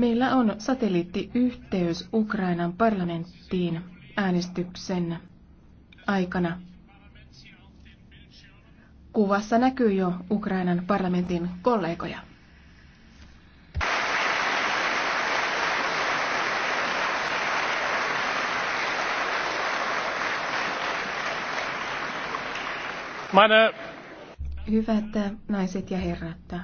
Meillä on satelliittiyhteys Ukrainan parlamenttiin äänestyksen aikana. Kuvassa näkyy jo Ukrainan parlamentin kollegoja. Meine Hyvät naiset ja herrat.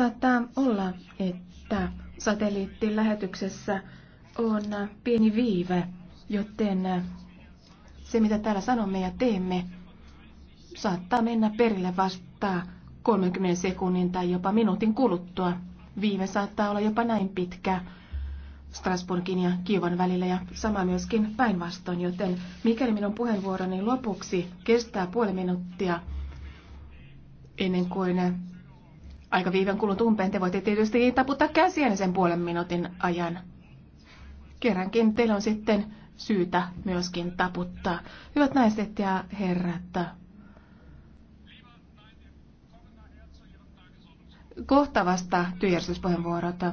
Saattaa olla, että satelliittilähetyksessä on pieni viive, joten se, mitä täällä sanomme ja teemme, saattaa mennä perille vasta 30 sekunnin tai jopa minuutin kuluttua. Viive saattaa olla jopa näin pitkä Strasbourgin ja Kiovan välillä ja sama myöskin päinvastoin, joten mikäli minun puheenvuoroni lopuksi kestää puoli minuuttia ennen kuin aika viivän kulut umpeen. Te voitte tietysti taputtaa käsiänne sen puolen minuutin ajan. Kerrankin teillä on sitten syytä myöskin taputtaa. Hyvät naiset ja herrat, kohta vasta työjärjestyspuheenvuorota.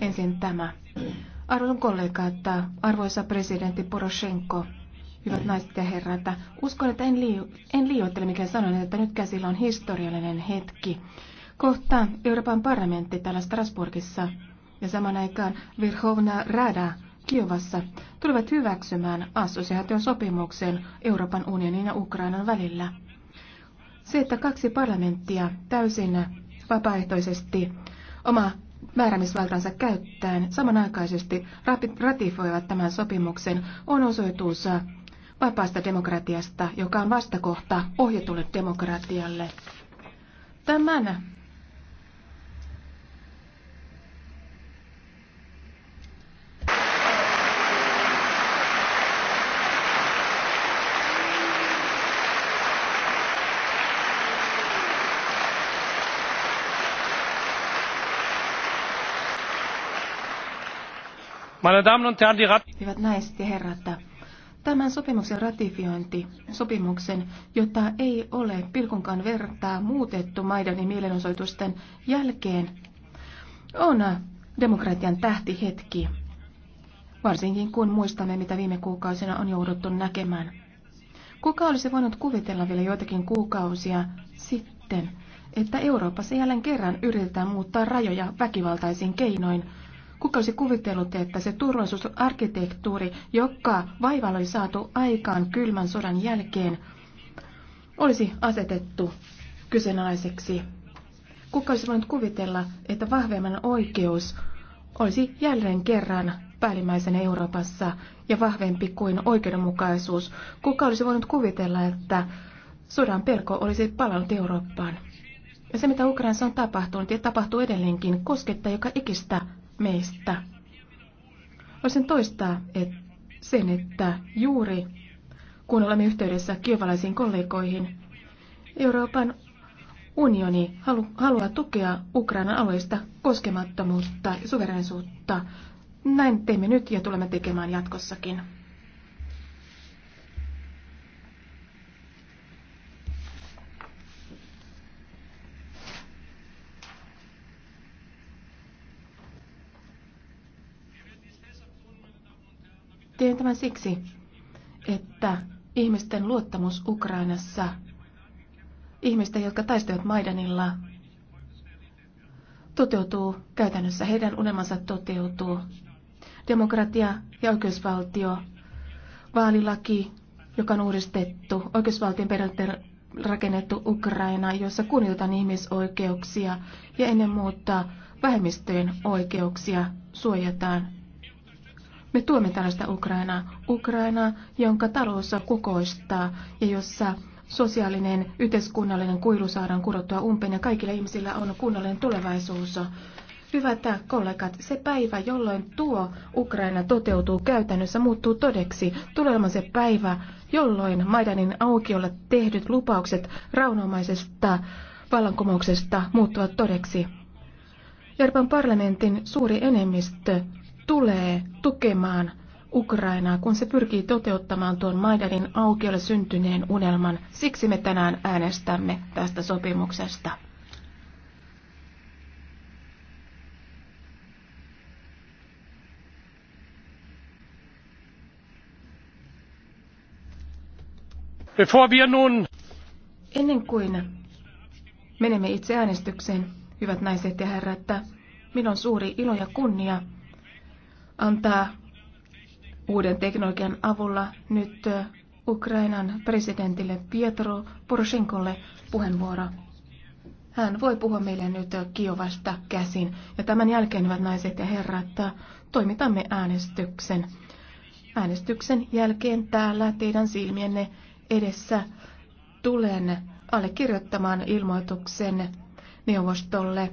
Ensin tämä. kollega, että arvoisa presidentti Poroshenko, hyvät naiset ja herrat, uskon, että en, liio, en liioittele, mikä sanon, että nyt käsillä on historiallinen hetki. Kohta Euroopan parlamentti täällä Strasburgissa ja saman aikaan Virhovna Rada Kiovassa tulevat hyväksymään assosiaation sopimuksen Euroopan unionin ja Ukrainan välillä. Se, että kaksi parlamenttia täysin vapaaehtoisesti oma määrämisvaltansa käyttäen samanaikaisesti ratifoivat tämän sopimuksen, on osoitus vapaasta demokratiasta, joka on vastakohta ohjatulle demokratialle. Tämän Hyvät naiset ja herrat, tämän sopimuksen ratifiointi, sopimuksen, jota ei ole pilkunkaan vertaa muutettu Maidanin mielenosoitusten jälkeen, on demokratian tähtihetki, varsinkin kun muistamme, mitä viime kuukausina on jouduttu näkemään. Kuka olisi voinut kuvitella vielä joitakin kuukausia sitten, että Euroopassa jälleen kerran yritetään muuttaa rajoja väkivaltaisin keinoin, Kuka olisi kuvitellut, että se turvallisuusarkkitehtuuri, joka vaivalla oli saatu aikaan kylmän sodan jälkeen, olisi asetettu kyseenalaiseksi? Kuka olisi voinut kuvitella, että vahvemman oikeus olisi jälleen kerran päällimmäisenä Euroopassa ja vahvempi kuin oikeudenmukaisuus? Kuka olisi voinut kuvitella, että sodan pelko olisi palannut Eurooppaan? Ja se, mitä Ukrainassa on tapahtunut ja tapahtuu edelleenkin, koskettaa joka ikistä meistä. Voisin toistaa että sen, että juuri kun olemme yhteydessä kiovalaisiin kollegoihin, Euroopan unioni halu, haluaa tukea Ukrainan alueista koskemattomuutta ja suverenisuutta. Näin teimme nyt ja tulemme tekemään jatkossakin. tämän siksi, että ihmisten luottamus Ukrainassa, ihmisten, jotka taistelevat Maidanilla, toteutuu käytännössä. Heidän unelmansa toteutuu. Demokratia ja oikeusvaltio, vaalilaki, joka on uudistettu, oikeusvaltion periaatteen rakennettu Ukraina, jossa kunnioitetaan ihmisoikeuksia ja ennen muuta vähemmistöjen oikeuksia suojataan me tuemme tällaista Ukrainaa. Ukrainaa, jonka talous kukoistaa ja jossa sosiaalinen, yhteiskunnallinen kuilu saadaan kurottua umpeen ja kaikilla ihmisillä on kunnollinen tulevaisuus. Hyvät kollegat, se päivä, jolloin tuo Ukraina toteutuu käytännössä, muuttuu todeksi. Tulee se päivä, jolloin Maidanin aukiolla tehdyt lupaukset raunomaisesta vallankumouksesta muuttuvat todeksi. Euroopan parlamentin suuri enemmistö tulee tukemaan Ukrainaa, kun se pyrkii toteuttamaan tuon Maidanin aukiolle syntyneen unelman. Siksi me tänään äänestämme tästä sopimuksesta. Ennen kuin menemme itse äänestykseen, hyvät naiset ja herrat, minun on suuri ilo ja kunnia antaa uuden teknologian avulla nyt Ukrainan presidentille Pietro Poroshenkolle puheenvuoro. Hän voi puhua meille nyt Kiovasta käsin. Ja tämän jälkeen, hyvät naiset ja herrat, toimitamme äänestyksen. Äänestyksen jälkeen täällä teidän silmienne edessä tulen allekirjoittamaan ilmoituksen neuvostolle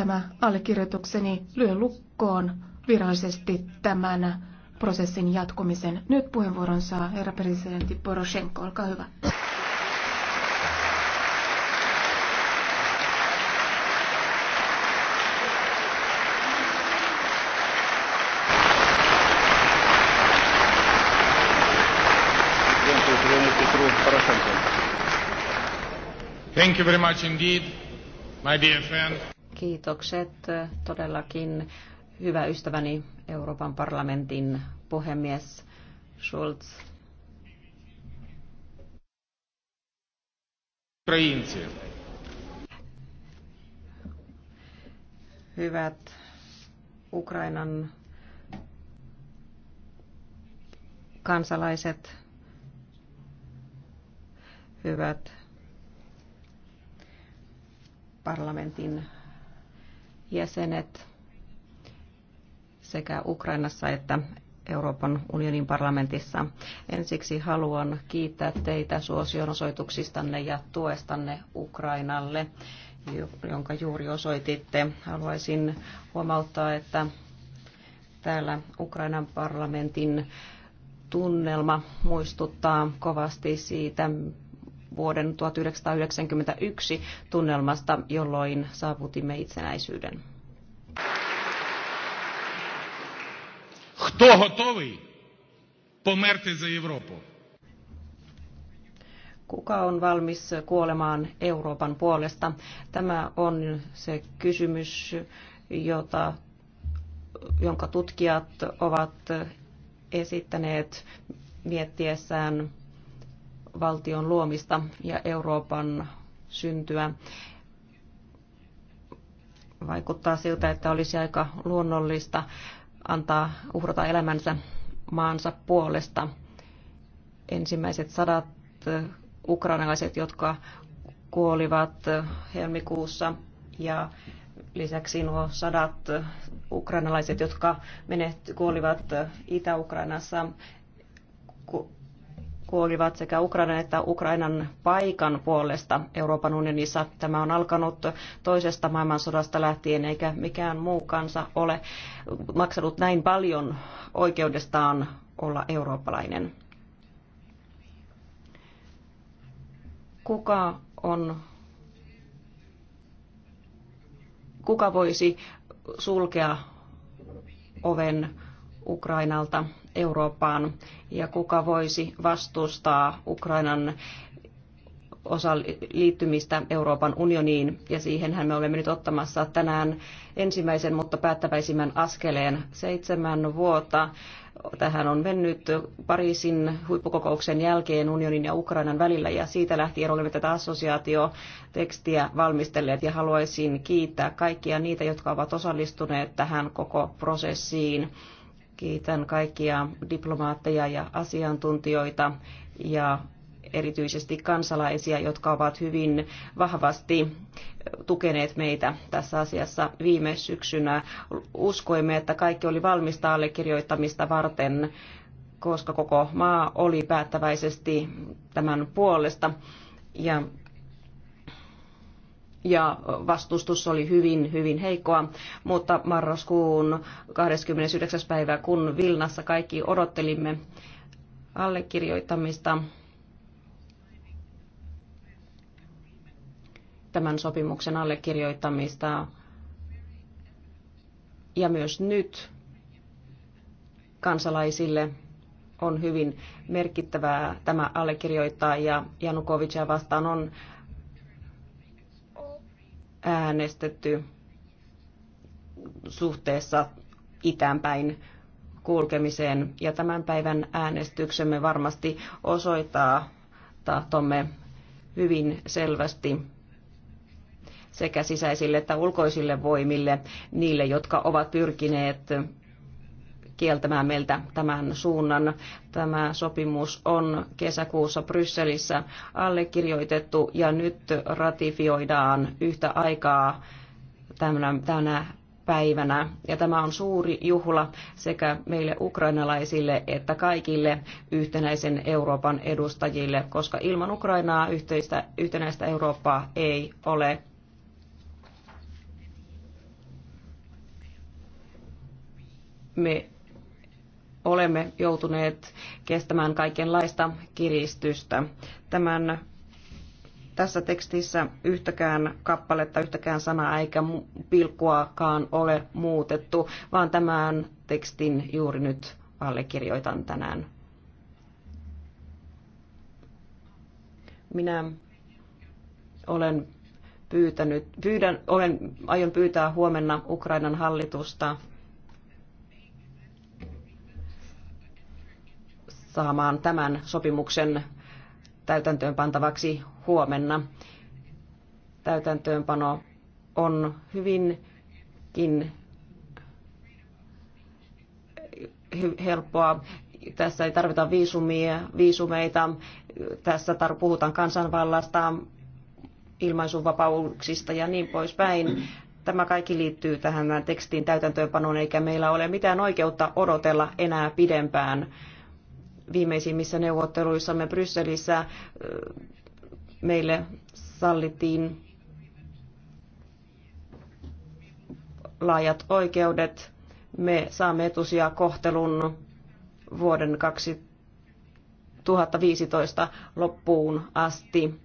tämä allekirjoitukseni lyö lukkoon virallisesti tämän prosessin jatkumisen. Nyt puheenvuoron saa herra presidentti Poroshenko, olkaa hyvä. Thank you very much indeed, my dear friend. Kiitokset todellakin hyvä ystäväni Euroopan parlamentin puhemies Schulz. Hyvät Ukrainan kansalaiset, hyvät parlamentin jäsenet sekä Ukrainassa että Euroopan unionin parlamentissa. Ensiksi haluan kiittää teitä suosionosoituksistanne ja tuestanne Ukrainalle, jonka juuri osoititte. Haluaisin huomauttaa, että täällä Ukrainan parlamentin tunnelma muistuttaa kovasti siitä, vuoden 1991 tunnelmasta, jolloin saavutimme itsenäisyyden. Хто готовий померти за Європу? Kuka on valmis kuolemaan Euroopan puolesta? Tämä on se kysymys, jota, jonka tutkijat ovat esittäneet miettiessään valtion luomista ja Euroopan syntyä. Vaikuttaa siltä, että olisi aika luonnollista antaa uhrata elämänsä maansa puolesta. Ensimmäiset sadat ukrainalaiset, jotka kuolivat helmikuussa ja lisäksi nuo sadat ukrainalaiset, jotka menet, kuolivat Itä-Ukrainassa kuolivat sekä Ukrainan että Ukrainan paikan puolesta Euroopan unionissa. Tämä on alkanut toisesta maailmansodasta lähtien, eikä mikään muu kansa ole maksanut näin paljon oikeudestaan olla eurooppalainen. Kuka on kuka voisi sulkea oven Ukrainalta Eurooppaan ja kuka voisi vastustaa Ukrainan osa liittymistä Euroopan unioniin ja siihenhän me olemme nyt ottamassa tänään ensimmäisen, mutta päättäväisimmän askeleen seitsemän vuotta. Tähän on mennyt Pariisin huippukokouksen jälkeen unionin ja Ukrainan välillä ja siitä lähtien olemme tätä assosiaatiotekstiä valmistelleet ja haluaisin kiittää kaikkia niitä, jotka ovat osallistuneet tähän koko prosessiin Kiitän kaikkia diplomaatteja ja asiantuntijoita ja erityisesti kansalaisia, jotka ovat hyvin vahvasti tukeneet meitä tässä asiassa viime syksynä. Uskoimme, että kaikki oli valmista allekirjoittamista varten, koska koko maa oli päättäväisesti tämän puolesta. Ja ja vastustus oli hyvin, hyvin heikkoa, mutta marraskuun 29. päivä, kun Vilnassa kaikki odottelimme allekirjoittamista, tämän sopimuksen allekirjoittamista ja myös nyt kansalaisille on hyvin merkittävää tämä allekirjoittaa ja Janukovicia vastaan on äänestetty suhteessa itäänpäin kulkemiseen. Ja tämän päivän äänestyksemme varmasti osoittaa tahtomme hyvin selvästi sekä sisäisille että ulkoisille voimille, niille, jotka ovat pyrkineet kieltämään meiltä tämän suunnan. Tämä sopimus on kesäkuussa Brysselissä allekirjoitettu ja nyt ratifioidaan yhtä aikaa tänä, tänä päivänä. Ja tämä on suuri juhla sekä meille ukrainalaisille että kaikille yhtenäisen Euroopan edustajille, koska ilman Ukrainaa yhteistä, yhtenäistä Eurooppaa ei ole. Me olemme joutuneet kestämään kaikenlaista kiristystä. Tämän tässä tekstissä yhtäkään kappaletta, yhtäkään sanaa eikä pilkkuakaan ole muutettu, vaan tämän tekstin juuri nyt allekirjoitan tänään. Minä olen pyytänyt, pyydän, olen, aion pyytää huomenna Ukrainan hallitusta saamaan tämän sopimuksen täytäntöön pantavaksi huomenna. Täytäntöönpano on hyvinkin helppoa. Tässä ei tarvita viisumia, viisumeita. Tässä tar- puhutaan kansanvallasta, ilmaisuvapauksista ja niin poispäin. Tämä kaikki liittyy tähän tekstiin täytäntöönpanoon, eikä meillä ole mitään oikeutta odotella enää pidempään viimeisimmissä neuvotteluissamme Brysselissä meille sallittiin laajat oikeudet. Me saamme etusia kohtelun vuoden 2015 loppuun asti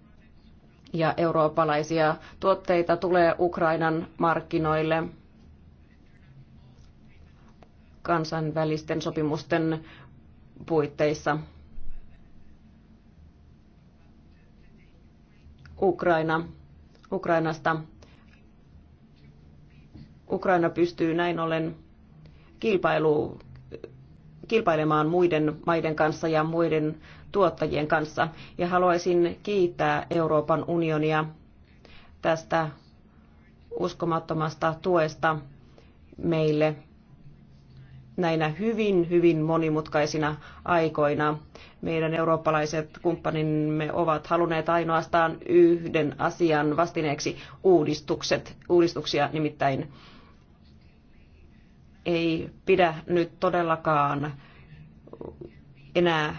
ja eurooppalaisia tuotteita tulee Ukrainan markkinoille kansainvälisten sopimusten puitteissa. Ukraina, Ukrainasta. Ukraina pystyy näin ollen kilpailu, kilpailemaan muiden maiden kanssa ja muiden tuottajien kanssa. Ja haluaisin kiittää Euroopan unionia tästä uskomattomasta tuesta meille näinä hyvin, hyvin monimutkaisina aikoina. Meidän eurooppalaiset kumppanimme ovat halunneet ainoastaan yhden asian vastineeksi uudistukset, uudistuksia nimittäin ei pidä nyt todellakaan enää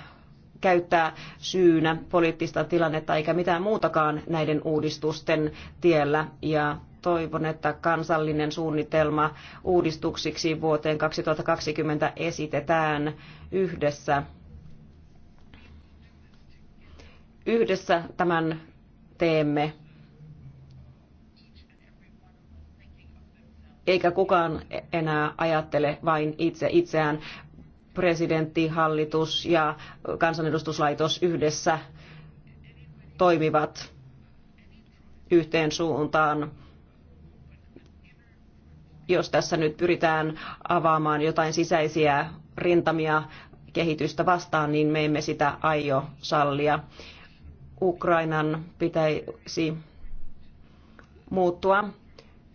käyttää syynä poliittista tilannetta eikä mitään muutakaan näiden uudistusten tiellä ja toivon, että kansallinen suunnitelma uudistuksiksi vuoteen 2020 esitetään yhdessä, yhdessä tämän teemme. Eikä kukaan enää ajattele vain itse itseään. Presidentti, hallitus ja kansanedustuslaitos yhdessä toimivat yhteen suuntaan jos tässä nyt pyritään avaamaan jotain sisäisiä rintamia kehitystä vastaan, niin me emme sitä aio sallia. Ukrainan pitäisi muuttua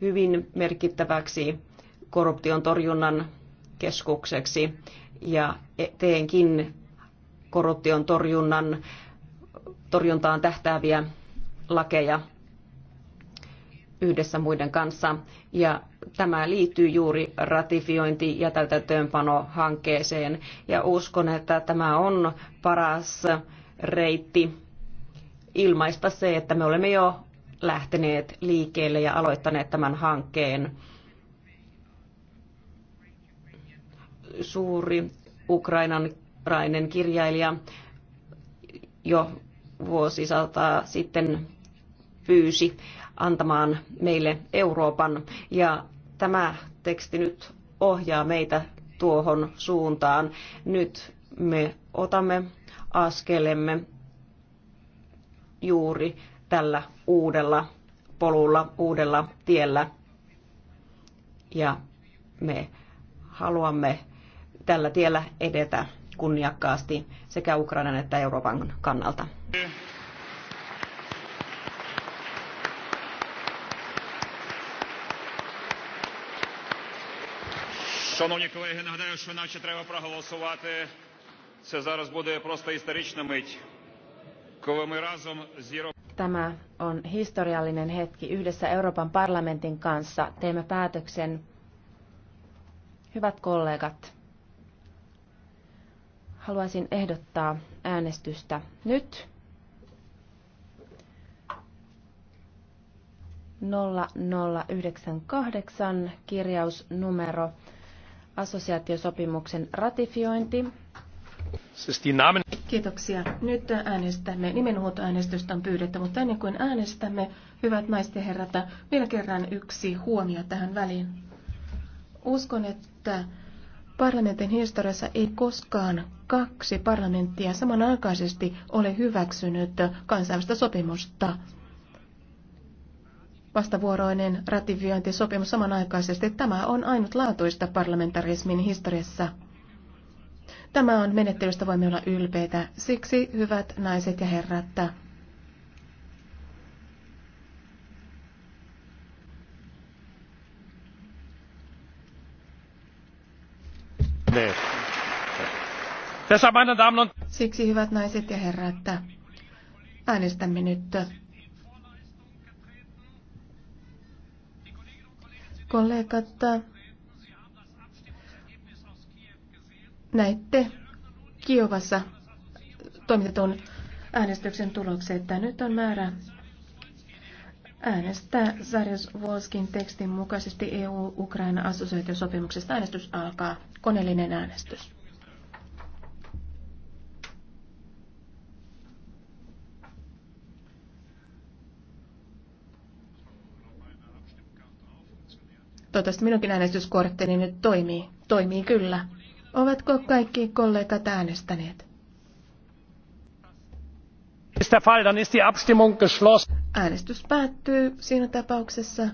hyvin merkittäväksi korruption torjunnan keskukseksi ja teenkin korruption torjunnan torjuntaan tähtääviä lakeja yhdessä muiden kanssa. Ja tämä liittyy juuri ratifiointi- ja täytäntöönpanohankkeeseen. Ja uskon, että tämä on paras reitti ilmaista se, että me olemme jo lähteneet liikkeelle ja aloittaneet tämän hankkeen. Suuri ukrainanrainen kirjailija jo vuosisataa sitten pyysi antamaan meille Euroopan. Ja tämä teksti nyt ohjaa meitä tuohon suuntaan. Nyt me otamme askelemme juuri tällä uudella polulla, uudella tiellä. Ja me haluamme tällä tiellä edetä kunniakkaasti sekä Ukrainan että Euroopan kannalta. Шановні колеги, нагадаю, що наче треба проголосувати. Це зараз буде просто історична мить, коли ми разом з Tämä on historiallinen hetki. Yhdessä Euroopan parlamentin kanssa teemme päätöksen. Hyvät kollegat, haluaisin ehdottaa äänestystä nyt. 0098 kirjausnumero assosiaatiosopimuksen ratifiointi. Siis Kiitoksia. Nyt äänestämme. Nimenhuoltoäänestystä on pyydetty, mutta ennen kuin äänestämme, hyvät naiset ja herrat, vielä kerran yksi huomio tähän väliin. Uskon, että parlamentin historiassa ei koskaan kaksi parlamenttia samanaikaisesti ole hyväksynyt kansainvälistä sopimusta vastavuoroinen ratifiointisopimus samanaikaisesti. Tämä on ainutlaatuista parlamentarismin historiassa. Tämä on menettelystä voimme olla ylpeitä. Siksi, hyvät naiset ja herrat, Siksi, hyvät naiset ja herrat, äänestämme nyt Kollegat, näitte Kiovassa toimitetun äänestyksen tulokset että nyt on määrä äänestää Sarjus Volskin tekstin mukaisesti EU-Ukraina assosiaatiosopimuksesta. Äänestys alkaa. Koneellinen äänestys. Toivottavasti minunkin äänestyskortteni nyt toimii. Toimii kyllä. Ovatko kaikki kollegat äänestäneet? Äänestys päättyy siinä tapauksessa.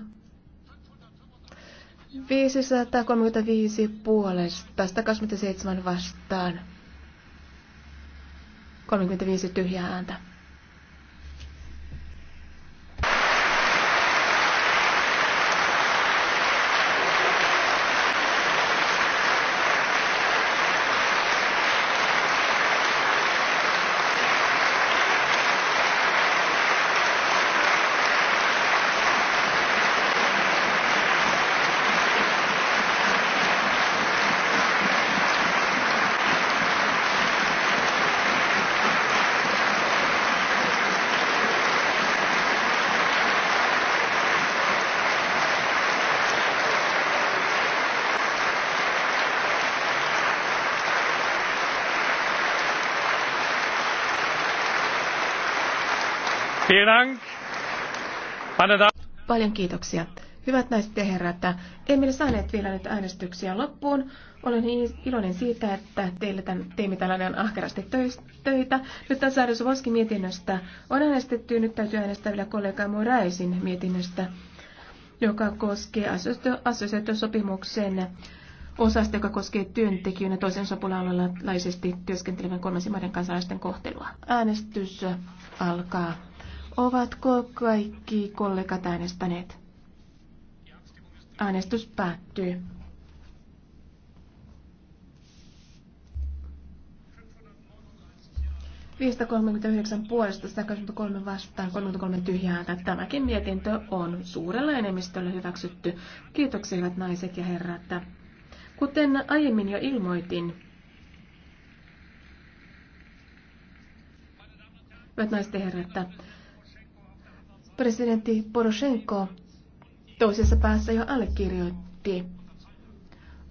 535 puolesta, 127 vastaan, 35 tyhjää ääntä. Paljon kiitoksia. Hyvät naiset ja herrat, emme saaneet vielä nyt äänestyksiä loppuun. Olen iloinen siitä, että teille tämän, teimme tällainen ahkerasti töitä. Nyt tässä Sarisovoskin mietinnöstä on äänestetty. Nyt täytyy äänestää vielä kollega Moraisin mietinnöstä, joka koskee assosiaatiosopimuksen osasta, joka koskee työntekijöinä toisen sopulla työskentelevän kolmansimaiden kansalaisten kohtelua. Äänestys alkaa. Ovatko kaikki kollegat äänestäneet? Äänestys päättyy. 539 puolesta, 123 vastaan, 33 tyhjää ääntä. Tämäkin mietintö on suurella enemmistöllä hyväksytty. Kiitoksia hyvät naiset ja herrat. Kuten aiemmin jo ilmoitin, hyvät naiset ja herrat, Presidentti Poroshenko toisessa päässä jo allekirjoitti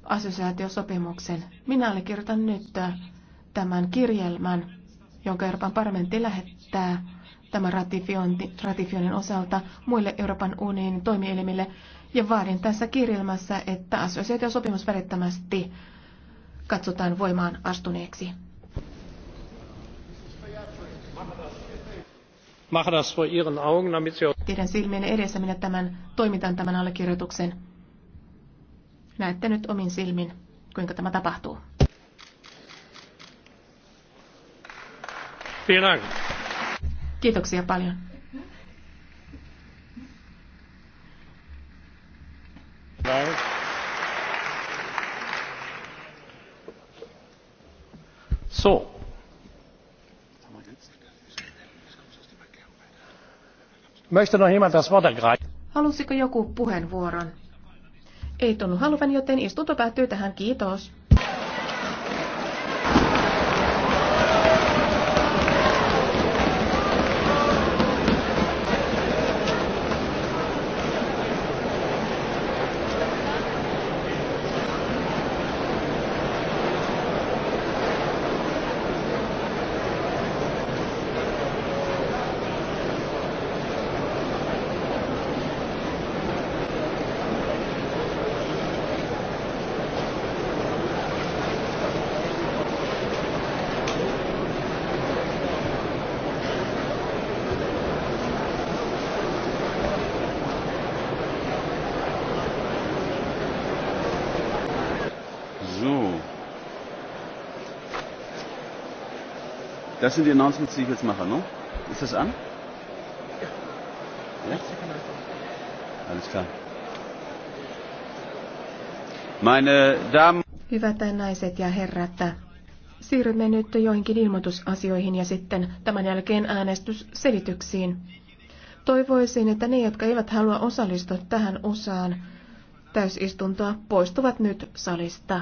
assosiaatiosopimuksen. Minä allekirjoitan nyt tämän kirjelmän, jonka Euroopan parlamentti lähettää tämän ratifioinnin osalta muille Euroopan unionin toimielimille ja vaadin tässä kirjelmässä, että assosiaatiosopimus välittömästi katsotaan voimaan astuneeksi. Teidän silmien edessä minä tämän, toimitan tämän allekirjoituksen. Näette nyt omin silmin, kuinka tämä tapahtuu. Kiitoksia paljon. So. Halusiko joku puheenvuoron? Ei tunnu haluvan, joten istunto päättyy tähän. Kiitos. Das sind die announcements, die ich jetzt mache, ne? Ist das an? Ja? Alles klar. Meine Damen. Hyvät naiset ja herrat, siirrymme nyt joihinkin ilmoitusasioihin ja sitten tämän jälkeen äänestysselityksiin. Toivoisin, että ne, jotka eivät halua osallistua tähän osaan täysistuntoa, poistuvat nyt salista.